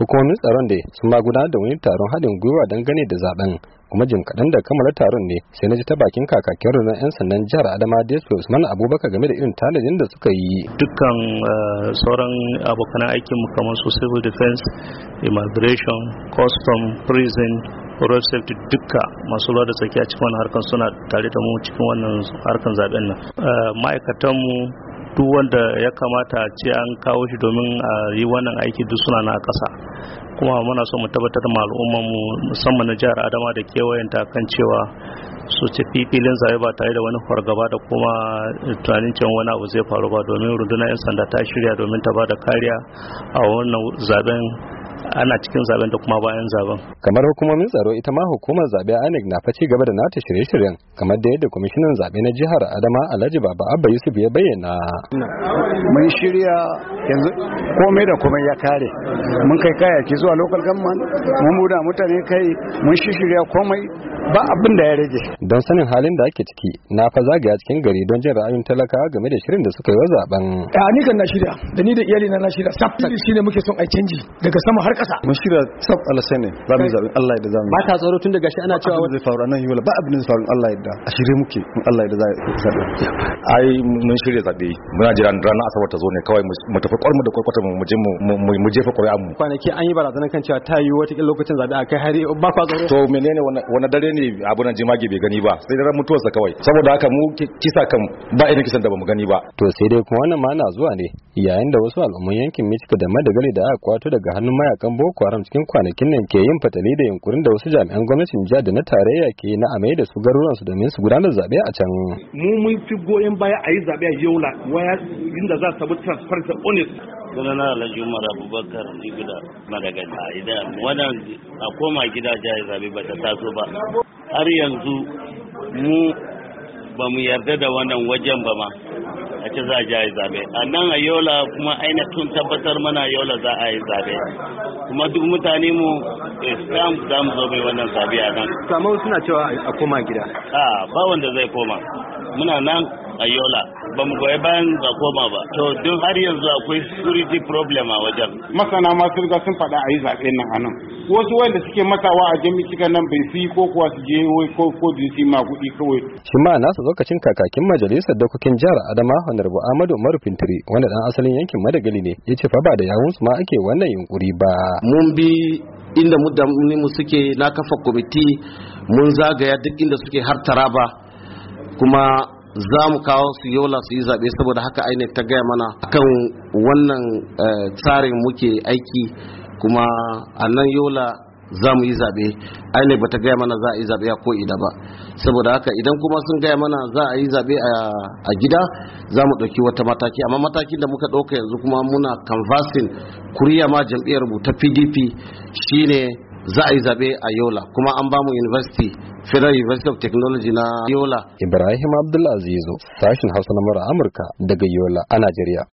hukumomin tsaron da sun ma gudanar da wani taron haɗin gwiwa gane da zaben kuma jim kaɗan da kammala taron ne sai na ji ta bakin kakakin rana 'yan sandan jihar adama desu usman abubakar game da irin tanadin da suka yi dukkan eh, sauran abokan aikin mu kamar su civil defense immigration custom prison road safety dukka masu ruwa da tsaki a cikin wannan harkar suna tare da mu cikin wannan harkar zaben nan eh, ma'aikatanmu duk wanda ya kamata ce an kawo shi domin a yi wannan aiki duk suna na kasa kuma muna so mu tabbatar da al'umma mu musamman na jihar adama da kewayenta kan cewa su ci filin zaɓe ba tare da wani fargaba da kuma tunanin cewa wani abu zai faru ba domin rundunar 'yan sanda ta shirya domin ta ba da kariya a wannan zaben ana cikin zaben da kuma bayan zaben kamar hukumomin tsaro ita ma hukumar zabe INEC na fa ci gaba da nata shirye-shiryen kamar da yadda kwamishinan zabe na jihar Adama Alhaji Baba Abba Yusuf ya bayyana mun shirya yanzu komai da komai ya kare mun kai kayaki zuwa local government mun buda mutane kai mun shirya komai ba abin da ya rage don sanin halin da ake ciki na fa zagaya cikin gari don jin ra'ayin talaka game da shirin da suka yi wa zaben Ya ni kan na shirya da ni da iyali na na shirya sab shine muke son ai canji daga sama har kasa mun shirya sab alasane ba mu zaben Allah yadda da zamu ba ta tsoro tun daga shi ana cewa wani zai faru nan wala ba abin da faru Allah yadda. da a shirye muke in Allah yadda za za zabe ai mun shirya zabe muna jira ranar asabar ta zo ne kawai mu tafi kwarmu da kwarkwata mu je mu jefa ƙuri'a mu kwanaki an yi barazanar kan cewa ta yi wata lokacin zabe a kai har ba kwa tsoro to menene wani dare ne nan jimage bai gani ba sai da mutuwarsa kawai saboda haka mu kisa kan ba irin kisan da bamu gani ba to sai dai kuma wannan ma na zuwa ne yayin da wasu al'umman yankin Michigan da Madagali da aka kwato daga hannun mayakan Boko Haram cikin kwanakin nan ke yin fatali da yunkurin da wasu jami'an gwamnatin jihar da na tarayya ke na amai da su garuruwan su domin su gudanar zabe a can mu mun fi goyon baya a yi zabe a yola waya inda za ta bi da honest sunana alhaji umar abubakar jigila madagascar idan wannan a koma gida jihar zabe ba ta taso ba har yanzu mu ba mu yarda da wannan wajen ba ma a ce za a jihar zabe a nan a yola kuma aina tun tabbatar mana yola za a yi zabe kuma duk mutane mu islam eh, za mu zo mai wannan zabe a nan kamar suna cewa a koma gida a ah, ba wanda zai koma muna nan a yola ba mu goyi bayan ga koma ba to duk har yanzu akwai security problem a wajen masana ma sun sun faɗa a yi zaɓe nan a nan wasu wanda suke matawa a jami'ikan nan bai su yi ko kuwa su je ko ko da su ma kuɗi kawai shi ma nasa lokacin kakakin majalisar dokokin jihar adama honorable ahmadu umaru fintiri wanda dan asalin yankin madagali ne ya ce fa ba da su ma ake wannan yunkuri ba mun bi inda mu suke na kafa kwamiti mun zagaya duk inda suke har taraba kuma za mu kawo su yola su yi zaɓe saboda haka ainihin ta gaya mana akan wannan eh, tsarin muke aiki kuma a nan yola za mu yi zaɓe ainihin ba ta gaya mana za a yi zaɓe a ko'ina ba saboda haka idan kuma sun gaya mana za a yi zaɓe a gida za mu ɗauki wata mataki amma matakin da muka ɗauka yanzu kuma muna canvassing kuriya ma jam'iyyar mu ta pdp shine za a yi zabe a yola kuma an bamu university federal university of technology na yola ibrahim abdulaziz sashin hausa na mara amurka daga yola a najeriya